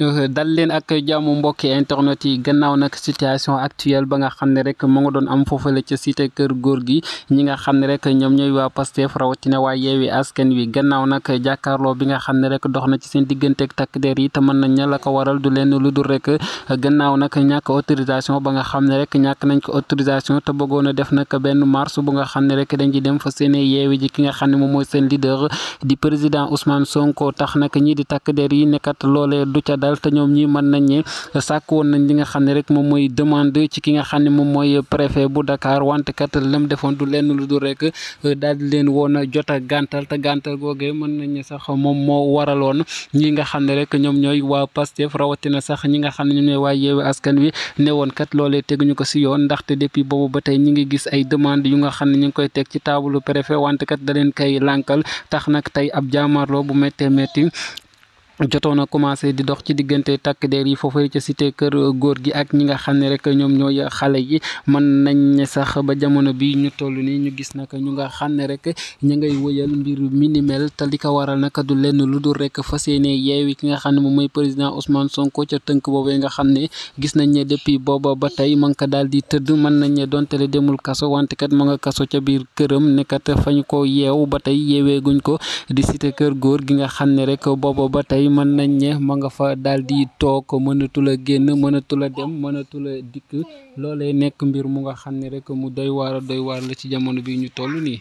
dal leen ak jàmmu mbokki internet yi gannaaw nag situation actuelle ba nga xam ne rek mu nga doon am foofale ca cité kër góor gi ñi nga xam ne rek ñoom ñooy waa Pastef rawatina waa yeewi askan wi gannaaw nag jàkkaarloo bi nga xam ne rek dox na ci seen diggante ak takk der yi te mën nañ ña la ko waral du leen lu dul rek gannaaw nag ñàkk autorisation ba nga xam ne rek ñàkk nañ ko autorisation te bëggoon a def nag benn marche bu nga xam ne rek dañ ci dem fa ki nga xam ne moom mooy seen leader di président Ousmane Sonko tax nag ñii di dal te ñoom ñi mën nañ sàkk woon nañ li nga xam ne rek moom mooy demande ci ki nga xam ne moom mooy préfet bu Dakar wante kat lam defoon du lenn lu dul rek euh, daal di leen woon a jot a gàntal te gàntal googee mën nañ ne sax moom moo waraloon ñi nga xam ne rek ñoom ñooy waa Pastef rawatina sax ñi nga xam ne ñu ñooy waa askan wi ne woon kat loolee teguñu ko si yoon ndaxte depuis boobu ba tey ñi ngi gis ay demande yu nga xam ne ñu ngi koy teg ci taabalu préfet wantekat kat da leen koy lànkal tax nag tey ab jaamarloo bu mettee métti jotoon a commencé di dox ci diggante takk der yi foofee ca cité kër góor gi ak ñi nga xam ne rek ñoom ñooy xale yi mën nañ ne sax ba jamono bi ñu toll nii ñu gis nag ñu nga xam ne rek ñu ngay wëyal mbir minimel te li ko waral nag du lenn lu dul rek fas yéene yeewi ki nga xam ne moom mooy président Ousmane Sonko ca tënk boobu nga xam ne gis nañ ne depuis booba ba tey ma nga daal di tëdd mën nañ ne donte le demul kaso wante kat ma nga kaso ca biir këram ne kat fañ ko yeew ba tey yeeweeguñ ko di gi nga xam yi mën nañ ne ma nga fa daal di toog mënatul a génn mënatul a dem mënatul a dikk loolee nekk mbir mu nga xam ni rek mu doy waar doy waar la ci jamono bi ñu toll nii.